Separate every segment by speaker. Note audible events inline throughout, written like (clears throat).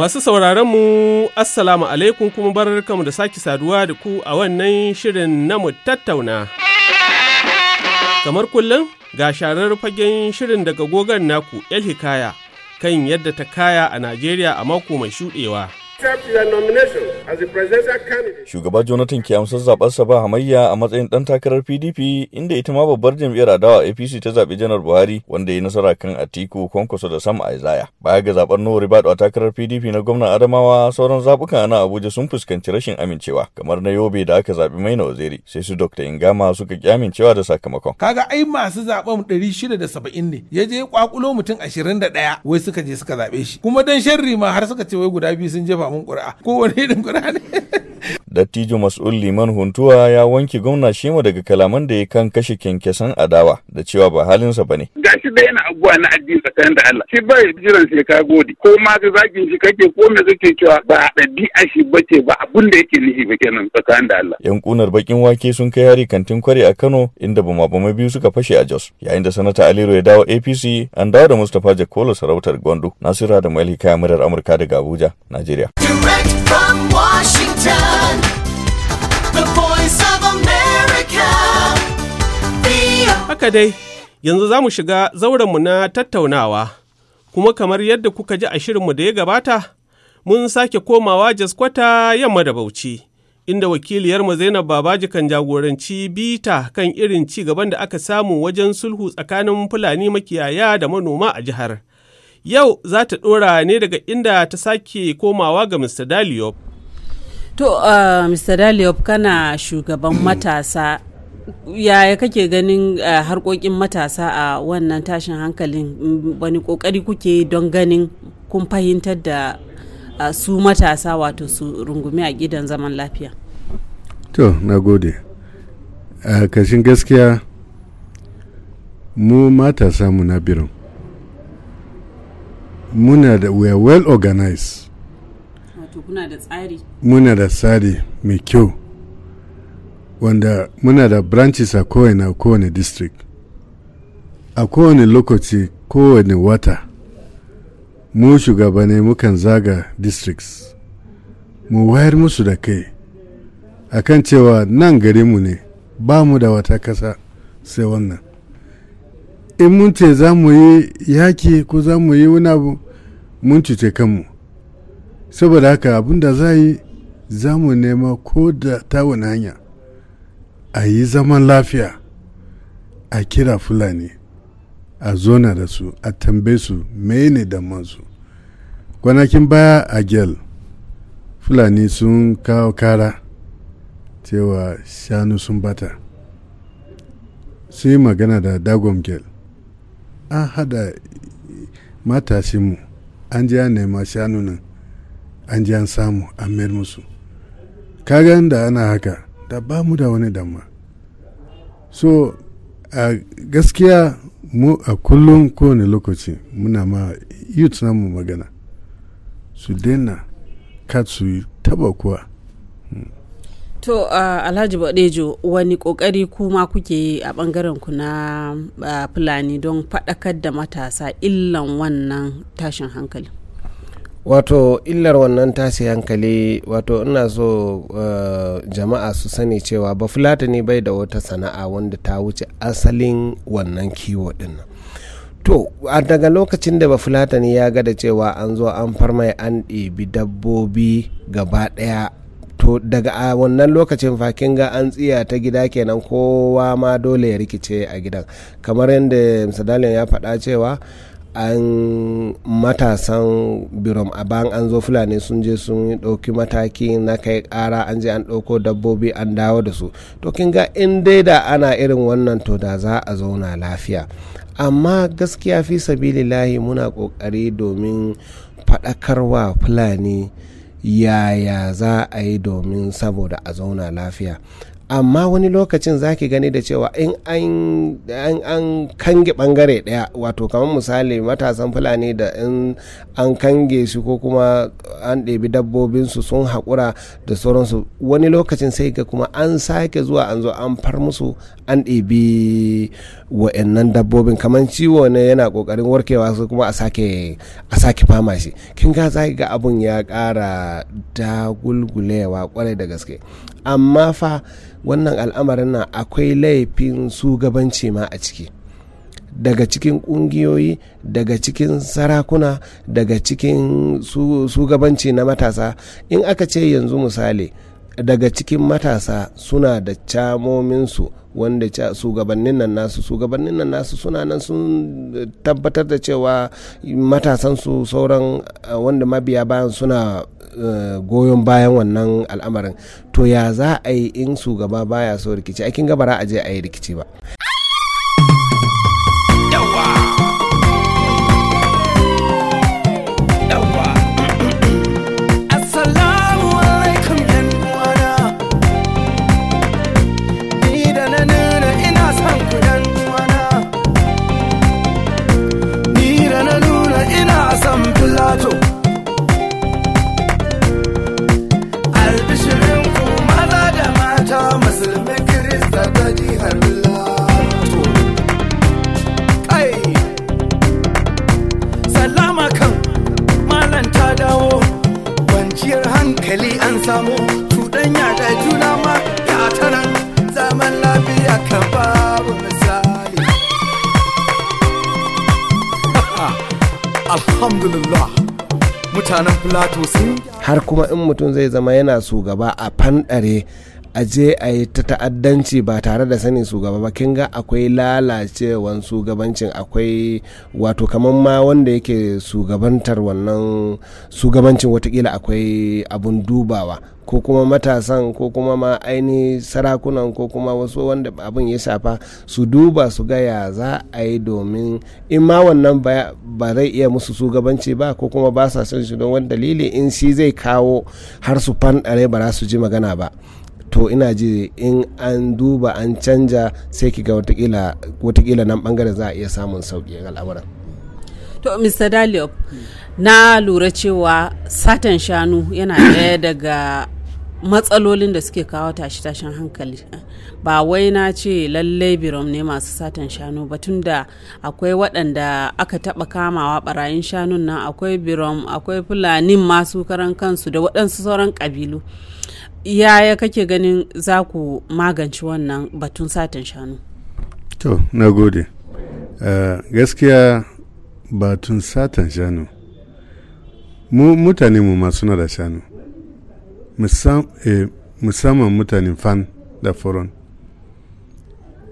Speaker 1: Masu mu Assalamu alaikum kuma barkamu da sake saduwa da ku a wannan shirin na mu tattauna. Kamar kullum, ga sharar fagen shirin daga gogon naku El Hikaya kan yadda ta kaya a Najeriya a mako mai shuɗewa.
Speaker 2: Shugaba Jonathan ke amsar sa ba hamayya a matsayin ɗan takarar PDP inda ita ma babbar jam'iyyar adawa APC ta zaɓi Janar Buhari wanda ya nasara kan Atiku, Kwankwaso da Sam Aizaya. Baya ga zaɓar Nuhu Ribadu a takarar PDP na gwamnan Adamawa sauran zaɓuka na Abuja sun fuskanci rashin amincewa kamar na Yobe da aka zaɓi Maina Waziri sai su Dr. Ingama suka ƙi amincewa da sakamakon.
Speaker 1: Kaga ai masu zaɓen ɗari shida da ne ya je kwakulo mutum ashirin da ɗaya wai suka je suka zaɓe shi kuma dan sharri ma har suka ce wai guda biyu sun jefa samun ko
Speaker 3: kowane irin ƙura'a ne
Speaker 2: Dattijo Mas'ul Liman Huntuwa ya wanke gwamna Shema daga kalaman da ya kan kashe kyankyasan adawa da cewa ba halinsa ba ne.
Speaker 3: Ga shi da yana abuwa na addini tsakanin da Allah. Shi ba jiran sai ka gode. Ko ma ka zagin shi kake ko me kake cewa ba ɗabi'a shi ba ce ba abin da yake nihi ba kenan tsakanin da Allah.
Speaker 2: Yan kunar bakin wake sun kai hari kantin kware a Kano inda bama bama biyu suka fashe a Jos. Yayin da sanata Aliro ya dawo APC an dawo da Mustapha Jakolo sarautar Gondo. Nasira da Malika Murar Amurka daga Abuja, Najeriya.
Speaker 4: Washington.
Speaker 1: Haka dai, yanzu za mu shiga zaurenmu na tattaunawa, kuma kamar yadda kuka ji a shirinmu da ya gabata, mun sake komawa jaskwata yamma da bauchi. inda wakiliyarmu Zainab Babaji kan jagoranci bita kan irin ci gaban da aka samu wajen sulhu tsakanin Fulani makiyaya da manoma a jihar. Yau za ta ɗora ne daga inda ta sake komawa ga Mr. Daliop.
Speaker 5: to uh, mr daliop kana shugaban (clears throat) matasa yaya kake ganin uh, harkokin matasa a uh, wannan tashin hankalin wani kokari kuke don ganin kun fahimtar da uh, su matasa wato su rungumi a gidan zaman lafiya
Speaker 6: to na gode a kashin gaskiya mu matasa mu na birin muna da we are well organized
Speaker 5: kuna da tsari
Speaker 6: muna da tsari mai kyau wanda muna da branches a kowane a kowane district a kowane lokaci kowane wata mu shugabane mukan zaga districts mu wayar musu da kai A kan cewa nan garinmu ne ba mu da wata kasa sai wannan in mun ce za mu yi yaki ko za mu yi wani abu mun cuce kanmu saboda haka abinda da za yi za mu nema ko da ta wani hanya a yi zaman lafiya a kira fulani a zona da su a tambe su mene da mansu kwanakin baya a gel fulani sun kawo kara cewa shanu sun bata sun yi magana da dagon gel an hada matashinmu an ji nema shanu nan an ji an samu an mayar musu kaga da ana haka da ba mu da wani damma so a gaskiya mu a kullum kowane lokaci muna ma youth namu magana su daina kat su taba kuwa
Speaker 5: To uh, Alhaji Badejo wani kokari kuma kuke a bangaren ku na Fulani don faɗakar da matasa illan wannan tashin hankali.
Speaker 4: wato illar wannan tashi hankali wato ina so uh, jama'a su sani cewa ba fulatani bai da wata sana'a wanda ta wuce asalin wannan kiwo din to a daga lokacin da ba fulatani ya ga da cewa an zo an farmai an ɗebi dabbobi gaba ɗaya to daga a wannan lokacin fakin ga an tsiya ta gida kenan kowa ma dole ya rikice a gidan kamar yadda ya faɗa cewa an matasan birom a bayan an zo fulani sun je sun ɗauki mataki na kai ƙara an je an ɗauko dabbobi an dawo da su to kin ga in dai da ana irin wannan to da za a zauna lafiya amma gaskiya fi sabili lahi muna ƙoƙari domin faɗakarwa fulani yaya za a yi domin saboda a zauna lafiya amma wani lokacin za ki gani da cewa in an, an, kange bangare daya wato kamar misali matasan fulani da in an kange su ko kuma an ɗebi dabbobinsu sun haƙura da sauransu wani lokacin sai ga kuma an sake zuwa an zo an far musu an ɗebi wa'annan dabbobin kamar ciwo ne yana ƙoƙarin warkewa su kuma a sake a sake fama shi kin ga za ga abun ya ƙara dagulgulewa kwarai da gaske amma fa wannan al'amarin na akwai laifin shugabanci ma a ciki daga cikin kungiyoyi daga cikin sarakuna daga cikin shugabanci na matasa in aka ce yanzu misali daga cikin matasa suna da camominsu wanda shugabannin nan nasu shugabannin nan nasu suna nan sun tabbatar da cewa matasansu sauran wanda mabiya bayan suna Eh, goyon bayan wannan al'amarin to ya za a yi in shugaba baya so rikici aikin gabara a je a yi rikici ba
Speaker 7: albishirin ku maza da mata musulmi kirista ta jihar
Speaker 4: lato
Speaker 7: kai salama kan Malam ta dawo kwanciyar hankali an samo. cuɗanya da juna ma ya taran zaman lafiya kan babu misali
Speaker 1: (laughs) alhamdulillah mutanen plato sun
Speaker 4: har kuma in mutum zai zama yana so gaba a fanɗare a je a yi ta ta'addanci ba tare da sanin shugaba ba kin ga akwai lalacewan shugabancin akwai wato kamar ma wanda yake shugabantar wannan shugabancin watakila akwai abun dubawa ko kuma matasan ko kuma ma aini sarakunan ko kuma wasu wanda abin ya shafa su duba su ga ya za a yi domin in ma wannan ba zai iya musu shugabanci ba ko kuma ba sa son shi don wani dalili in shi zai kawo har su fanɗare ba za su ji magana ba to ina ji in an duba an canja sai ki ga watakila nan bangare za a iya samun sauƙi al'amuran
Speaker 5: to mr daliop na lura cewa satan shanu yana ɗaya (coughs) daga matsalolin da suke kawo tashi-tashin hankali ba wai na ce lallai birom ne masu satan shanu ba tunda akwai waɗanda aka taɓa kamawa ɓarayin shanun nan akwai birom akwai fulanin masu karan kansu da waɗansu sauran ƙabilu yaya kake ganin za ku magance wannan batun satin shanu
Speaker 6: to na gode eh, gaskiya batun satan shanu mu mutane mu masu na da shanu eh, musamman mutanen fan da foron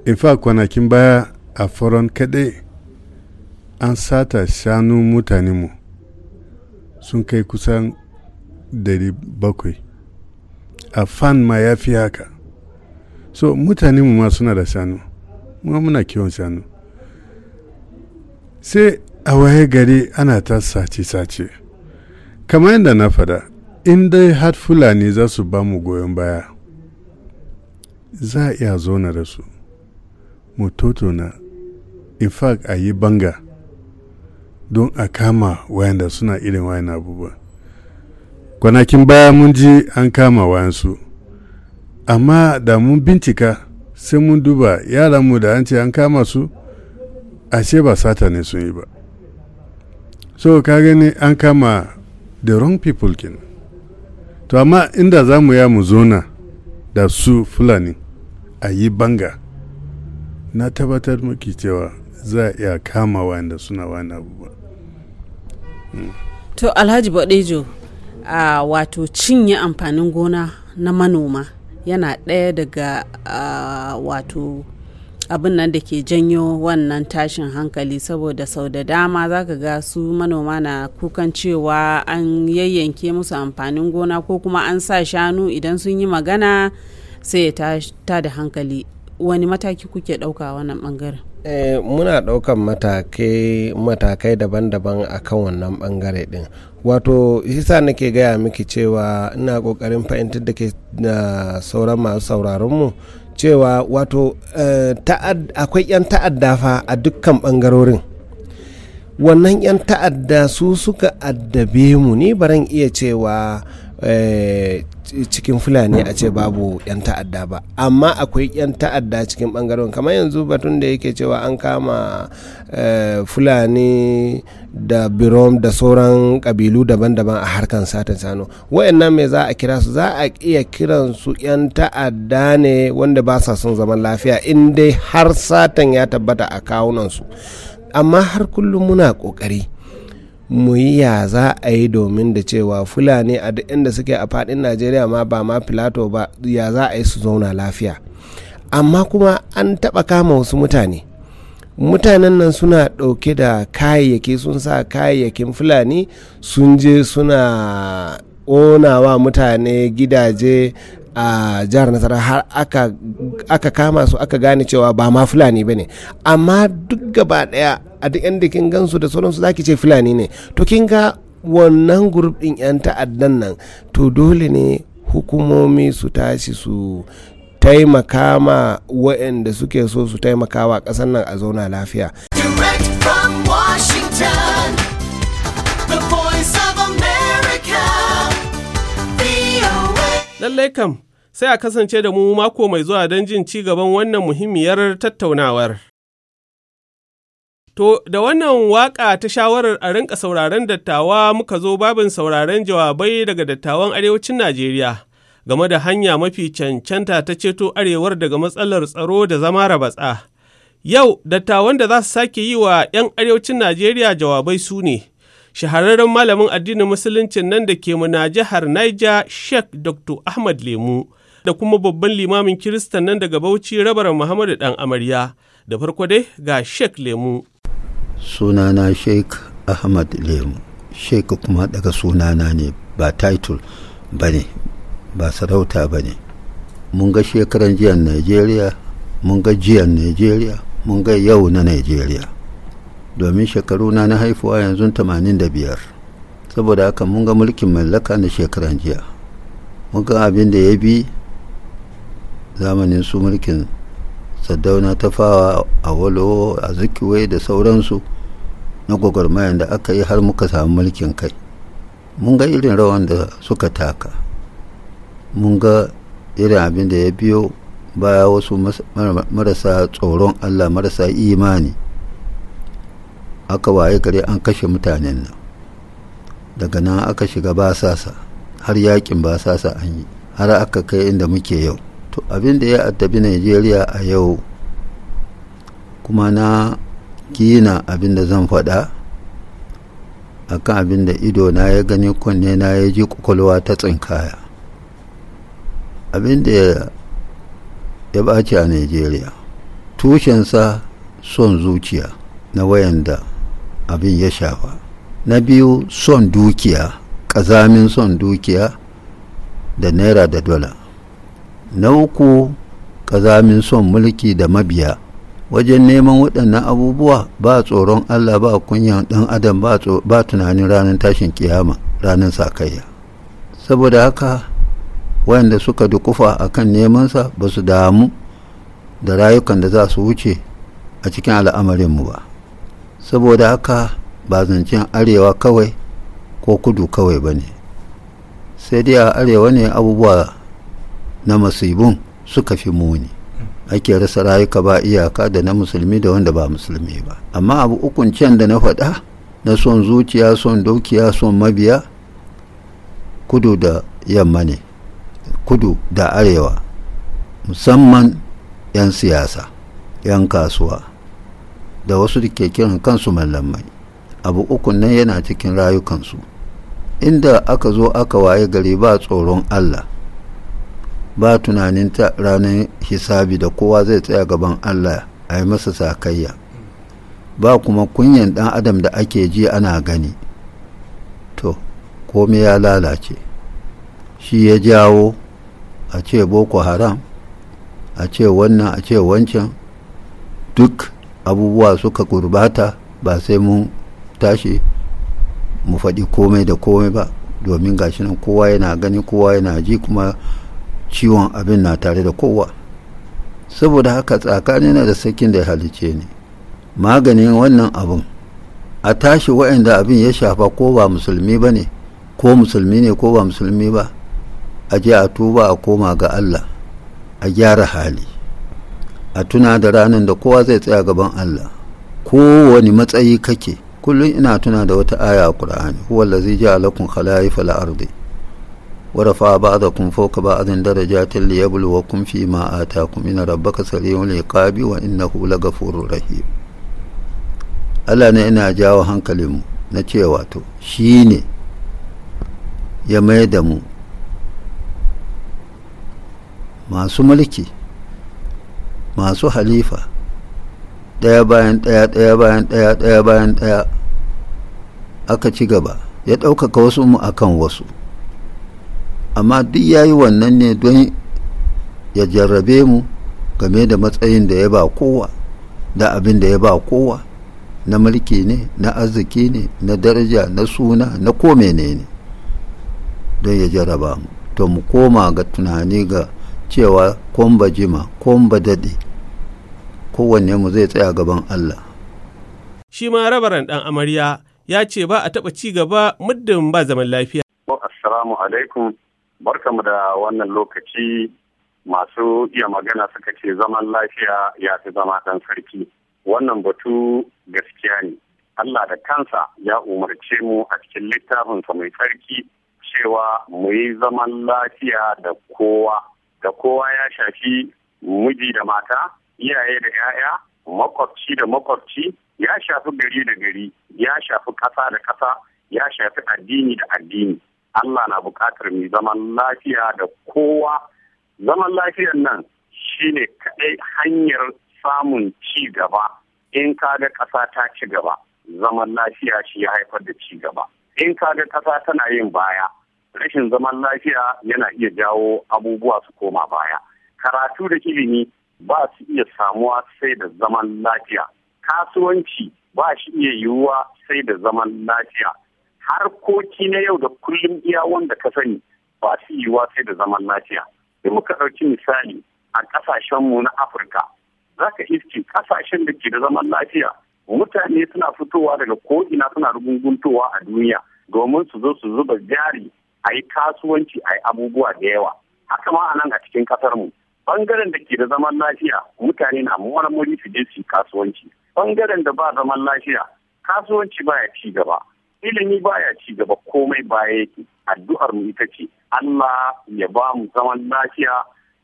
Speaker 6: in fa kwanakin baya a foron kaɗai an sata shanu mutane mu sun kai kusan 700 a fan ma ya fi haka so mutane mu ma suna da shanu ma muna kiwon shanu sai a waye gari ana ta sace-sace kamar yadda na fada in dai har fulani za su ba mu goyon baya za a iya zona da su mu totona in fact a yi banga don a kama wayanda suna irin wayan abubuwa kwanakin baya mun ji an kama wayansu amma da mun bincika sai mun duba yaranmu da an ce an kama su ashe ba sata ne sun yi ba so ka gani an kama the wrong people kin to amma inda za mu ya mu zona da su fulani a yi banga na tabbatar muke cewa za a iya kama wanda suna wani abu ba. Hmm.
Speaker 5: To Alhaji Badejo a wato cinye amfanin gona na manoma yana ɗaya daga wato abin nan da ke janyo wannan tashin hankali saboda sau da dama za ka ga su manoma na kukan cewa an yayyanke musu amfanin gona ko kuma an sa shanu idan sun yi magana sai ya ta da hankali wani mataki kuke ɗauka wannan ɓangaren
Speaker 4: eh, muna ɗaukan matakai matakai daban-daban a kan wannan ɓangare ɗin wato sa nake gaya miki cewa ina ƙoƙarin fahimtar da ke na sauran masu sauraronmu cewa wato eh, akwai 'yan ta'adda fa a dukkan ɓangarorin wannan 'yan ta'adda su suka addabe mu ni baran iya cewa eh, cikin fulani a ce babu 'yan ta'adda ba amma akwai 'yan ta'adda cikin bangaren kamar yanzu batun da yake cewa an kama eh, fulani da birom da sauran kabilu daban-daban a harkan satin sano wayannan mai za a kira su za a iya kiran su 'yan ta'adda ne wanda ba sa son zaman lafiya in dai har satan ya tabbata a kawunansu amma har kullum muna kokari mu yi ya za a yi domin da cewa fulani a duk inda suke a faɗin najeriya ma ba ma filato ba ya za a yi su zauna lafiya amma kuma an taɓa kama wasu mutane mutanen nan suna ɗauke da kayayyaki sun sa kayayyakin fulani sun je suna onawa mutane gidaje a jihar nasara har aka, kama su aka gane cewa ba ma fulani ba ne amma duk gaba daya a duk yan kin gansu da sauransu zaki ce fulani ne to kin ga wannan gurbin yan ta'addan nan to dole ne hukumomi su tashi su taimaka ma waɗanda suke so su taimaka wa ƙasar nan a zauna lafiya.
Speaker 1: Lallai kam sai a kasance da mu mako mai zuwa don jin ci gaban wannan muhimmiyar tattaunawar. To, da wannan waƙa ta shawarar a rinka sauraron dattawa muka zo babin sauraron jawabai daga dattawan arewacin Najeriya game da hanya mafi cancanta ta ceto arewar daga matsalar tsaro da zama rabatsa. Yau, dattawan da za su sake yi wa 'yan arewacin Najeriya jawabai su ne. Shahararren malamin addinin musuluncin nan da ke muna jihar Niger, Sheikh Dr. Ahmad Lemu. da kuma babban limamin kiristan nan daga bauchi rabaran muhammadu dan amarya da farko dai ga sheik lemu
Speaker 7: sunana sheik ahmad lemu sheik kuma daga sunana ne ba title ba ne ba sarauta ba ne mun ga shekaran jiyan nigeria mun ga jiyan nigeria mun ga yau na nigeria domin shekaruna na haifuwa yanzu 85 saboda haka mun ga mulkin mallaka na shekaran jiya mun ga abin da ya bi zamanin su mulkin saddauna ta fawa a walo a zikiwai da sauransu na gwagwarmayan da aka yi har muka samu mulkin kai mun ga irin rawan da suka taka mun ga irin abin da ya biyo baya wasu marasa tsoron allah marasa imani aka waye gare an kashe mutanen nan daga nan aka shiga basasa har yakin basasa an yi har aka kai inda muke yau to abin da ya addabi najeriya a yau kuma na gina abin da zan faɗa akan abin da ido na ya gani kunne na ya ji kwakwalwa ta tsinkaya abin da ya ɓaci a najeriya tushensa son zuciya na wayan da abin ya shafa na biyu son dukiya ƙazamin son dukiya da naira da dola na uku ƙazamin son mulki da mabiya wajen neman waɗannan abubuwa ba tsoron allah ba kunyan ɗan adam ba tunanin ranar tashin kiyama ranar sakayya saboda haka wayanda suka dukufa a kan nemansa ba su damu da rayukan da za su wuce a cikin al'amarin mu ba saboda haka ba zancen arewa kawai ko kudu kawai ba ne sai dai a arewa ne abubuwa na masibun suka fi muni ake rasa rayuka ba iyaka da na musulmi da wanda ba musulmi ba amma abu ukun can da na faɗa na son zuciya son dokiya son mabiya kudu da yamma ne kudu da arewa musamman 'yan siyasa 'yan kasuwa da wasu da ke kiran kansu mallamai abu ukun nan yana cikin rayukansu inda aka zo aka waye gari ba tsoron allah ba tunanin ta ranar hisabi da kowa zai tsaya gaban allah a yi masa sakayya ba kuma kunyan dan adam da ake ji ana gani to komai ya lalace shi ya jawo a ce boko haram a ce wannan a ce wancan duk abubuwa suka gurbata ba sai mun tashi mu faɗi komai da komai ba domin gashi nan kowa yana gani kowa yana ji kuma ciwon abin na tare da kowa saboda haka na da sakin da ya halice ne maganin wannan abun a tashi waɗanda abin ya shafa ko ba musulmi ba ne ko musulmi ne ko ba musulmi ba a je a tuba a koma ga allah a gyara hali a tuna da ranar da kowa zai tsaya gaban allah kowane matsayi kake kullum ina tuna da wata aya a ƙur'ani huwallazi ja'alakum khalaifal ardi ba ورفع بعضكم فوق بعض درجات ليبلوكم فيما آتاكم إن ربك سريع hula ga لغفور رحيم Allah ne ina jawo hankalinmu na cewa to shi ne ya mai da mu masu mulki masu halifa ɗaya bayan ɗaya ɗaya bayan ɗaya ɗaya bayan ɗaya aka ci gaba ya ɗaukaka wasu mu akan wasu amma duk ya yi wannan ne don ya jarrabe mu game da matsayin da ya ba kowa da abin da ya ba kowa na mulki ne na arziki ne na daraja na suna na ko ne don ya jarraba mu to mu koma ga tunani ga cewa komba jima komba dade kowanne mu zai tsaya gaban Allah
Speaker 1: shi ma rabaran ɗan amarya ya ce ba a taɓa ci gaba muddin ba zaman lafiya
Speaker 3: assalamu alaikum mu da wannan lokaci masu iya magana suka ce zaman lafiya ya fi zama ɗan sarki. Wannan batu gaskiya ne. Allah da kansa ya umarce mu a cikin littafinsa mai tsarki cewa mu yi zaman lafiya da kowa. Da kowa ya shafi miji da mata, iyaye da 'ya'ya, makwabci da makwabci, ya shafi gari da gari, ya shafi ƙasa da ƙasa, ya shafi addini da addini. Allah na bukatar mu zaman lafiya da kowa zaman lafiyar nan shine kaɗai hanyar samun ci gaba in ka ga ƙasa ta ci gaba zaman lafiya shi ya haifar da ci gaba in ka ga ƙasa tana yin baya rashin zaman lafiya yana iya jawo abubuwa su koma baya karatu da ilimi ba su iya samuwa sai da zaman lafiya kasuwanci ba shi iya yiwuwa sai da zaman lafiya harkoki na yau da kullum iya wanda ka sani ba su yi sai da zaman lafiya da muka ɗauki misali a ƙasashenmu na afirka za ka iske ƙasashen da ke da zaman lafiya mutane suna fitowa daga ko'ina suna rugunguntowa a duniya domin su zo su zuba jari a yi kasuwanci a yi abubuwa da yawa haka ma a nan a cikin ƙasarmu ɓangaren da ke da zaman lafiya mutane na marmari su je su kasuwanci Ɓangaren da ba zaman lafiya kasuwanci baya ci gaba ilimi baya ci gaba komai baya yake addu'ar mu ita ce Allah ya ba mu zaman lafiya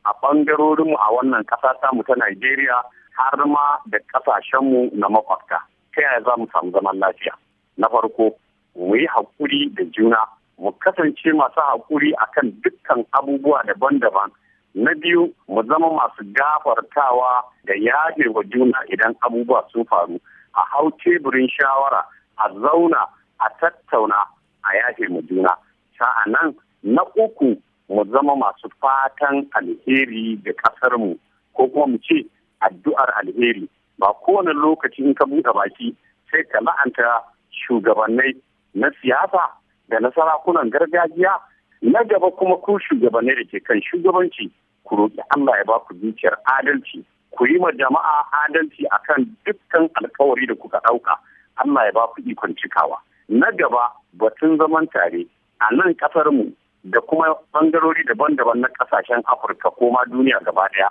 Speaker 3: a bangarorin mu a wannan ƙasa ta mu ta Najeriya har ma da ƙasashen mu na makwabta ta yaya za mu samu zaman lafiya na farko mu yi hakuri da juna mu kasance masu hakuri akan dukkan abubuwa daban-daban na biyu mu zama masu gafartawa da yaje wa juna idan abubuwa sun faru a hau teburin shawara a zauna a tattauna a yafe mu juna sa'annan na uku mu zama masu fatan alheri da ƙasarmu ko kuma mu ce addu'ar alheri ba kowane lokaci in ka buɗe baki sai ka la'anta shugabannai na siyasa da na sarakunan gargajiya na gaba kuma ku shugabannai da ke kan shugabanci ku roƙi Allah ya ba ku zuciyar adalci ku yi ma jama'a adalci akan dukkan alkawari da kuka ɗauka Allah ya ba ku ikon cikawa. na gaba batun zaman tare a nan kasarmu da kuma bangarori daban-daban na kasashen afirka ko ma duniya gaba daya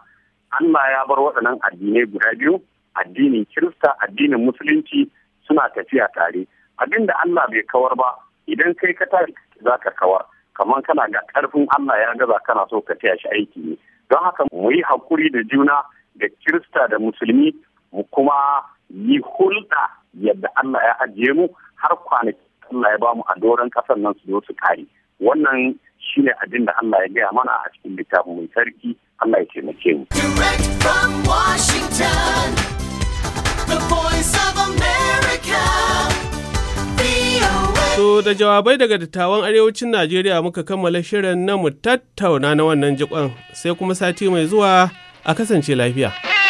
Speaker 3: allah ya bar waɗannan addinai guda biyu addinin kirista addinin musulunci suna tafiya tare abin da allah bai kawar ba idan kai ka tashi za ka kawar kamar kana ga ƙarfin allah ya gaza kana so ka taya shi aiki ne don haka mu yi hakuri da juna da kirista da musulmi mu kuma yi hulɗa yadda allah ya ajiye mu har kwanaki Allah ya bamu a doron ƙasar nan su zo su kare wannan shine abin da Allah ya gaya mana a cikin littafin mai sarki Allah ya taimake
Speaker 1: mu da jawabai daga dattawan arewacin Najeriya muka kammala shirin na mu tattauna na wannan jikon sai kuma sati mai zuwa a kasance lafiya.